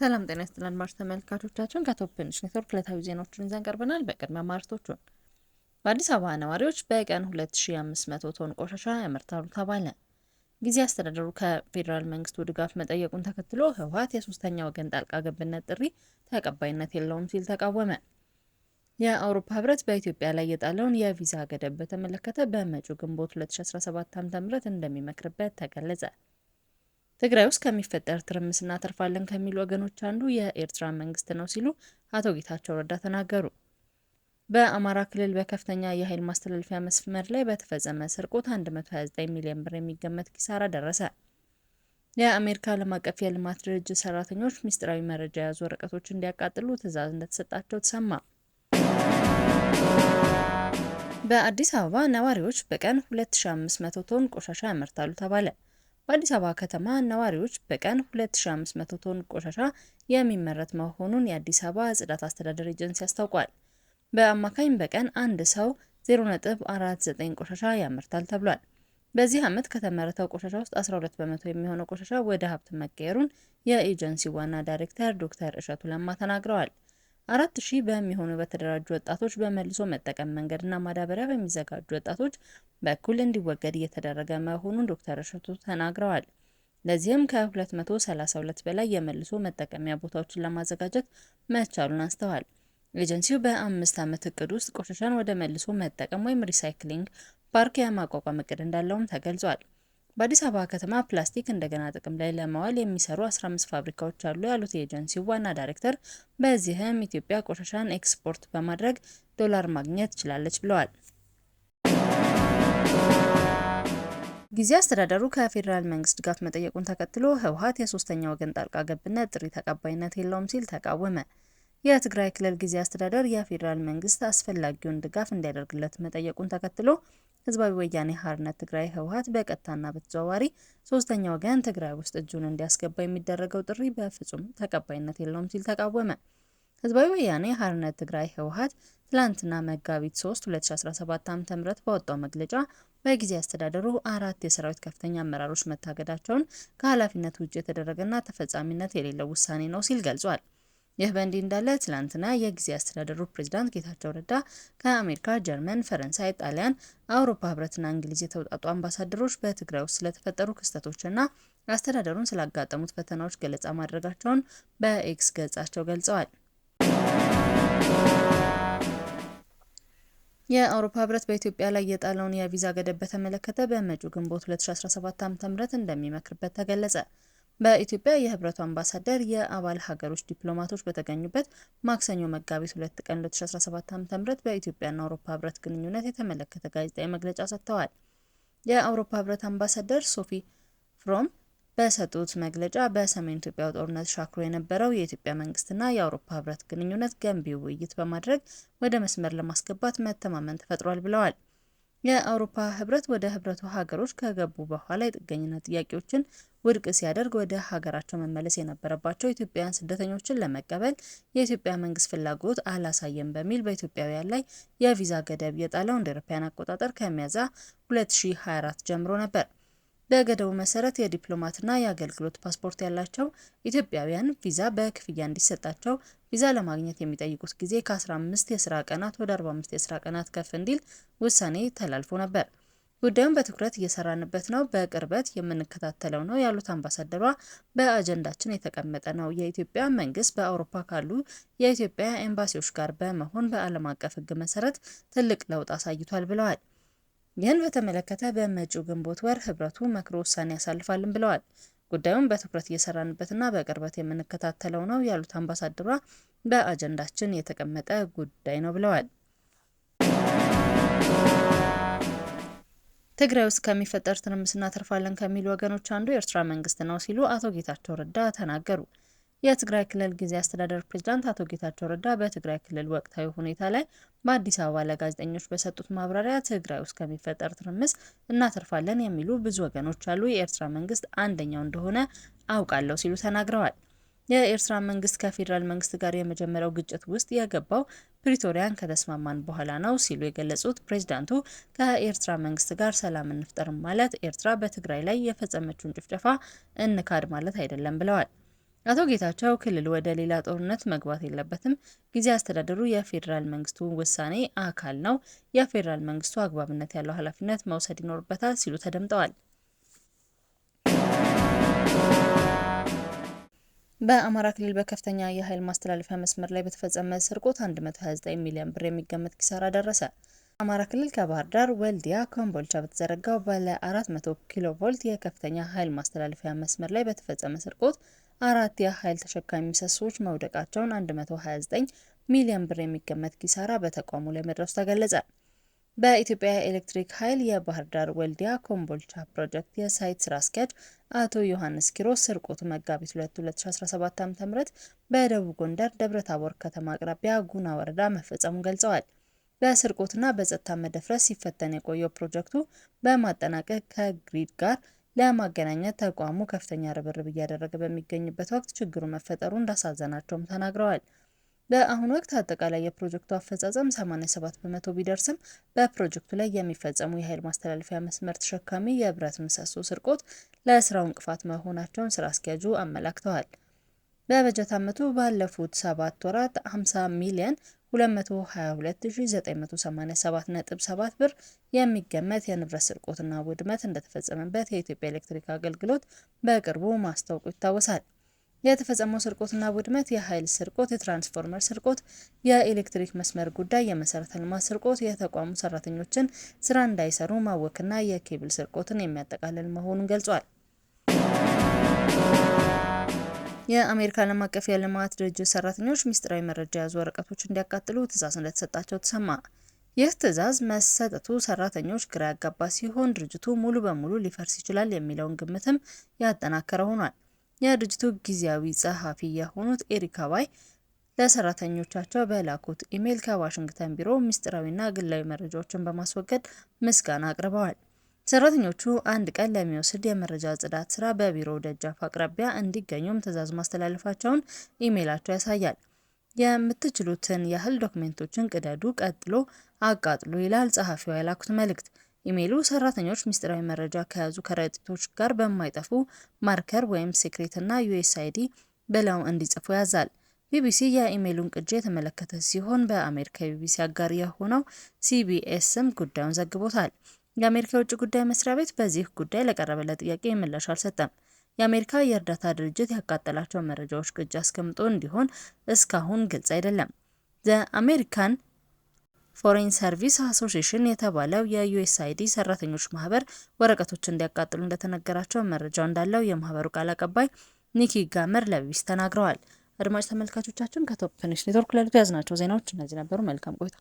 ሰላም ጤና ይስጥልን አድማጭ ተመልካቾቻችን ከቶፕ ኔትወርክ ዕለታዊ ዜናዎችን ይዘን ቀርበናል። በቅድሚያ ማርቶቹን በአዲስ አበባ ነዋሪዎች በቀን 2500 ቶን ቆሻሻ ያመርታሉ ተባለ። ጊዜ አስተዳደሩ ከፌዴራል መንግስቱ ድጋፍ መጠየቁን ተከትሎ ህወሓት የሶስተኛ ወገን ጣልቃ ገብነት ጥሪ ተቀባይነት የለውም ሲል ተቃወመ። የአውሮፓ ህብረት በኢትዮጵያ ላይ የጣለውን የቪዛ ገደብ በተመለከተ በመጪው ግንቦት 2017 ዓ.ም እንደሚመክርበት ተገለጸ። ትግራይ ውስጥ ከሚፈጠር ትርምስ እናተርፋለን ከሚሉ ወገኖች አንዱ የኤርትራ መንግስት ነው ሲሉ አቶ ጌታቸው ረዳ ተናገሩ። በአማራ ክልል በከፍተኛ የኃይል ማስተላለፊያ መስመር ላይ በተፈጸመ ስርቆት 129 ሚሊዮን ብር የሚገመት ኪሳራ ደረሰ። የአሜሪካ ዓለም አቀፍ የልማት ድርጅት ሰራተኞች ምስጢራዊ መረጃ የያዙ ወረቀቶች እንዲያቃጥሉ ትዕዛዝ እንደተሰጣቸው ተሰማ። በአዲስ አበባ ነዋሪዎች በቀን 2500 ቶን ቆሻሻ ያመርታሉ ተባለ። በአዲስ አበባ ከተማ ነዋሪዎች በቀን 2500 ቶን ቆሻሻ የሚመረት መሆኑን የአዲስ አበባ ጽዳት አስተዳደር ኤጀንሲ አስታውቋል። በአማካኝ በቀን አንድ ሰው 0.49 ቆሻሻ ያመርታል ተብሏል። በዚህ ዓመት ከተመረተው ቆሻሻ ውስጥ 12 በመቶ የሚሆነው ቆሻሻ ወደ ሀብት መቀየሩን የኤጀንሲ ዋና ዳይሬክተር ዶክተር እሸቱ ለማ ተናግረዋል። አራት ሺህ በሚሆኑ በተደራጁ ወጣቶች በመልሶ መጠቀም መንገድና ማዳበሪያ በሚዘጋጁ ወጣቶች በኩል እንዲወገድ እየተደረገ መሆኑን ዶክተር እሸቱ ተናግረዋል። ለዚህም ከ232 በላይ የመልሶ መጠቀሚያ ቦታዎችን ለማዘጋጀት መቻሉን አንስተዋል። ኤጀንሲው በአምስት ዓመት እቅድ ውስጥ ቆሻሻን ወደ መልሶ መጠቀም ወይም ሪሳይክሊንግ ፓርክ የማቋቋም እቅድ እንዳለውም ተገልጿል። በአዲስ አበባ ከተማ ፕላስቲክ እንደገና ጥቅም ላይ ለማዋል የሚሰሩ 15 ፋብሪካዎች አሉ ያሉት የኤጀንሲው ዋና ዳይሬክተር፣ በዚህም ኢትዮጵያ ቆሻሻን ኤክስፖርት በማድረግ ዶላር ማግኘት ትችላለች ብለዋል። ጊዜ አስተዳደሩ ከፌዴራል መንግስት ድጋፍ መጠየቁን ተከትሎ ህወሓት የሶስተኛ ወገን ጣልቃ ገብነት ጥሪ ተቀባይነት የለውም ሲል ተቃወመ። የትግራይ ክልል ጊዜ አስተዳደር የፌዴራል መንግስት አስፈላጊውን ድጋፍ እንዲያደርግለት መጠየቁን ተከትሎ ህዝባዊ ወያኔ ሓርነት ትግራይ ህወሓት በቀጥታና በተዘዋዋሪ ሶስተኛ ወገን ትግራይ ውስጥ እጁን እንዲያስገባ የሚደረገው ጥሪ በፍጹም ተቀባይነት የለውም ሲል ተቃወመ። ህዝባዊ ወያኔ ሓርነት ትግራይ ህወሓት ትላንትና መጋቢት 3 2017 ዓ.ም በወጣው መግለጫ በጊዜ አስተዳደሩ አራት የሰራዊት ከፍተኛ አመራሮች መታገዳቸውን ከኃላፊነት ውጭ የተደረገና ተፈጻሚነት የሌለው ውሳኔ ነው ሲል ገልጿል። ይህ በእንዲህ እንዳለ ትላንትና የጊዜ አስተዳደሩ ፕሬዝዳንት ጌታቸው ረዳ ከአሜሪካ፣ ጀርመን፣ ፈረንሳይ፣ ጣሊያን፣ አውሮፓ ህብረትና እንግሊዝ የተውጣጡ አምባሳደሮች በትግራይ ውስጥ ስለተፈጠሩ ክስተቶችና አስተዳደሩን ስላጋጠሙት ፈተናዎች ገለጻ ማድረጋቸውን በኤክስ ገጻቸው ገልጸዋል። የአውሮፓ ህብረት በኢትዮጵያ ላይ የጣለውን የቪዛ ገደብ በተመለከተ በመጪው ግንቦት 2017 ዓ.ም እንደሚመክርበት ተገለጸ። በኢትዮጵያ የህብረቱ አምባሳደር የአባል ሀገሮች ዲፕሎማቶች በተገኙበት ማክሰኞ መጋቢት 2 ቀን 2017 ዓ.ም በኢትዮጵያና አውሮፓ ህብረት ግንኙነት የተመለከተ ጋዜጣዊ መግለጫ ሰጥተዋል። የአውሮፓ ህብረት አምባሳደር ሶፊ ፍሮም በሰጡት መግለጫ በሰሜን ኢትዮጵያው ጦርነት ሻክሮ የነበረው የኢትዮጵያ መንግስትና የአውሮፓ ህብረት ግንኙነት ገንቢ ውይይት በማድረግ ወደ መስመር ለማስገባት መተማመን ተፈጥሯል ብለዋል። የአውሮፓ ህብረት ወደ ህብረቱ ሀገሮች ከገቡ በኋላ የጥገኝነት ጥያቄዎችን ውድቅ ሲያደርግ ወደ ሀገራቸው መመለስ የነበረባቸው ኢትዮጵያውያን ስደተኞችን ለመቀበል የኢትዮጵያ መንግስት ፍላጎት አላሳየም በሚል በኢትዮጵያውያን ላይ የቪዛ ገደብ የጣለው እንደ አውሮፓውያን አቆጣጠር ከሚያዝያ 2024 ጀምሮ ነበር። በገደቡ መሰረት የዲፕሎማትና የአገልግሎት ፓስፖርት ያላቸው ኢትዮጵያውያን ቪዛ በክፍያ እንዲሰጣቸው ቪዛ ለማግኘት የሚጠይቁት ጊዜ ከ15 የስራ ቀናት ወደ 45 የስራ ቀናት ከፍ እንዲል ውሳኔ ተላልፎ ነበር። ጉዳዩን በትኩረት እየሰራንበት ነው፣ በቅርበት የምንከታተለው ነው ያሉት አምባሳደሯ በአጀንዳችን የተቀመጠ ነው። የኢትዮጵያ መንግስት በአውሮፓ ካሉ የኢትዮጵያ ኤምባሲዎች ጋር በመሆን በዓለም አቀፍ ህግ መሰረት ትልቅ ለውጥ አሳይቷል ብለዋል። ይህን በተመለከተ በመጪው ግንቦት ወር ህብረቱ መክሮ ውሳኔ ያሳልፋልን ብለዋል። ጉዳዩን በትኩረት እየሰራንበትና በቅርበት የምንከታተለው ነው ያሉት አምባሳደሯ በአጀንዳችን የተቀመጠ ጉዳይ ነው ብለዋል። ትግራይ ውስጥ ከሚፈጠር ትርምስ እናተርፋለን ከሚሉ ወገኖች አንዱ የኤርትራ መንግስት ነው ሲሉ አቶ ጌታቸው ረዳ ተናገሩ። የትግራይ ክልል ጊዜ አስተዳደር ፕሬዝዳንት አቶ ጌታቸው ረዳ በትግራይ ክልል ወቅታዊ ሁኔታ ላይ በአዲስ አበባ ለጋዜጠኞች በሰጡት ማብራሪያ ትግራይ ውስጥ ከሚፈጠር ትርምስ እናተርፋለን የሚሉ ብዙ ወገኖች አሉ፣ የኤርትራ መንግስት አንደኛው እንደሆነ አውቃለሁ ሲሉ ተናግረዋል። የኤርትራ መንግስት ከፌዴራል መንግስት ጋር የመጀመሪያው ግጭት ውስጥ የገባው ፕሪቶሪያን ከተስማማን በኋላ ነው ሲሉ የገለጹት ፕሬዝዳንቱ ከኤርትራ መንግስት ጋር ሰላም እንፍጠርም ማለት ኤርትራ በትግራይ ላይ የፈጸመችውን ጭፍጨፋ እንካድ ማለት አይደለም ብለዋል። አቶ ጌታቸው ክልል ወደ ሌላ ጦርነት መግባት የለበትም፣ ጊዜ አስተዳደሩ የፌዴራል መንግስቱ ውሳኔ አካል ነው፣ የፌዴራል መንግስቱ አግባብነት ያለው ኃላፊነት መውሰድ ይኖርበታል ሲሉ ተደምጠዋል። በአማራ ክልል በከፍተኛ የኃይል ማስተላለፊያ መስመር ላይ በተፈጸመ ስርቆት 129 ሚሊዮን ብር የሚገመት ኪሳራ ደረሰ። አማራ ክልል ከባህር ዳር፣ ወልዲያ፣ ኮምቦልቻ በተዘረጋው ባለ 400 ኪሎ ቮልት የከፍተኛ ኃይል ማስተላለፊያ መስመር ላይ በተፈጸመ ስርቆት አራት የኃይል ተሸካሚ ምሰሶዎች መውደቃቸውን 129 ሚሊዮን ብር የሚገመት ኪሳራ በተቋሙ ላይ መድረሱ ተገለጸ። በኢትዮጵያ ኤሌክትሪክ ኃይል የባህር ዳር ወልዲያ ኮምቦልቻ ፕሮጀክት የሳይት ስራ አስኪያጅ አቶ ዮሐንስ ኪሮስ ስርቆት መጋቢት 2 2017 ዓ.ም በደቡብ ጎንደር ደብረ ታቦር ከተማ አቅራቢያ ጉና ወረዳ መፈጸሙን ገልጸዋል። በስርቆትና በጸጥታ መደፍረስ ሲፈተን የቆየው ፕሮጀክቱ በማጠናቀቅ ከግሪድ ጋር ለማገናኘት ተቋሙ ከፍተኛ ርብርብ እያደረገ በሚገኝበት ወቅት ችግሩ መፈጠሩ እንዳሳዘናቸውም ተናግረዋል። በአሁኑ ወቅት አጠቃላይ የፕሮጀክቱ አፈጻጸም 87 በመቶ ቢደርስም በፕሮጀክቱ ላይ የሚፈጸሙ የኃይል ማስተላለፊያ መስመር ተሸካሚ የብረት ምሰሶ ስርቆት ለስራው እንቅፋት መሆናቸውን ስራ አስኪያጁ አመላክተዋል። በበጀት ዓመቱ ባለፉት ሰባት ወራት 50 ሚሊየን 222987.7 ብር የሚገመት የንብረት ስርቆትና ውድመት እንደተፈጸመበት የኢትዮጵያ ኤሌክትሪክ አገልግሎት በቅርቡ ማስታወቁ ይታወሳል። የተፈጸመው ስርቆትና ውድመት የኃይል ስርቆት፣ የትራንስፎርመር ስርቆት፣ የኤሌክትሪክ መስመር ጉዳይ፣ የመሰረተ ልማት ስርቆት፣ የተቋሙ ሰራተኞችን ስራ እንዳይሰሩ ማወክና የኬብል ስርቆትን የሚያጠቃልል መሆኑን ገልጿል። የአሜሪካ ዓለም አቀፍ የልማት ድርጅት ሰራተኞች ምስጢራዊ መረጃ የያዙ ወረቀቶች እንዲያቃጥሉ ትዕዛዝ እንደተሰጣቸው ተሰማ። ይህ ትዕዛዝ መሰጠቱ ሰራተኞች ግራ ያጋባ ሲሆን ድርጅቱ ሙሉ በሙሉ ሊፈርስ ይችላል የሚለውን ግምትም ያጠናከረ ሆኗል። የድርጅቱ ጊዜያዊ ጸሐፊ የሆኑት ኤሪክ አባይ ለሰራተኞቻቸው በላኩት ኢሜይል ከዋሽንግተን ቢሮ ሚስጥራዊና ግላዊ መረጃዎችን በማስወገድ ምስጋና አቅርበዋል። ሰራተኞቹ አንድ ቀን ለሚወስድ የመረጃ ጽዳት ስራ በቢሮው ደጃፍ አቅራቢያ እንዲገኙም ትዕዛዝ ማስተላለፋቸውን ኢሜይላቸው ያሳያል። የምትችሉትን ያህል ዶክሜንቶችን ቅደዱ፣ ቀጥሎ አቃጥሉ ይላል ጸሐፊው የላኩት መልእክት። ኢሜይሉ ሰራተኞች ምስጢራዊ መረጃ ከያዙ ከረጢቶች ጋር በማይጠፉ ማርከር ወይም ሴክሬት እና ዩኤስአይዲ ብለው እንዲጽፉ ያዛል። ቢቢሲ የኢሜይሉን ቅጂ የተመለከተ ሲሆን በአሜሪካ የቢቢሲ አጋር የሆነው ሲቢኤስም ጉዳዩን ዘግቦታል። የአሜሪካ የውጭ ጉዳይ መስሪያ ቤት በዚህ ጉዳይ ለቀረበለት ጥያቄ ምላሽ አልሰጠም። የአሜሪካ የእርዳታ ድርጅት ያቃጠላቸው መረጃዎች ቅጅ አስቀምጦ እንዲሆን እስካሁን ግልጽ አይደለም። ዘ አሜሪካን ፎሬን ሰርቪስ አሶሲሽን የተባለው የዩኤስአይዲ ሰራተኞች ማህበር ወረቀቶች እንዲያቃጥሉ እንደተነገራቸው መረጃው እንዳለው የማህበሩ ቃል አቀባይ ኒኪ ጋመር ለቢቢሲ ተናግረዋል። አድማጭ ተመልካቾቻችን ከቶፕ ኔትወርክ ለዕለቱ ያዝናቸው ዜናዎች እነዚህ ነበሩ። መልካም ቆይታ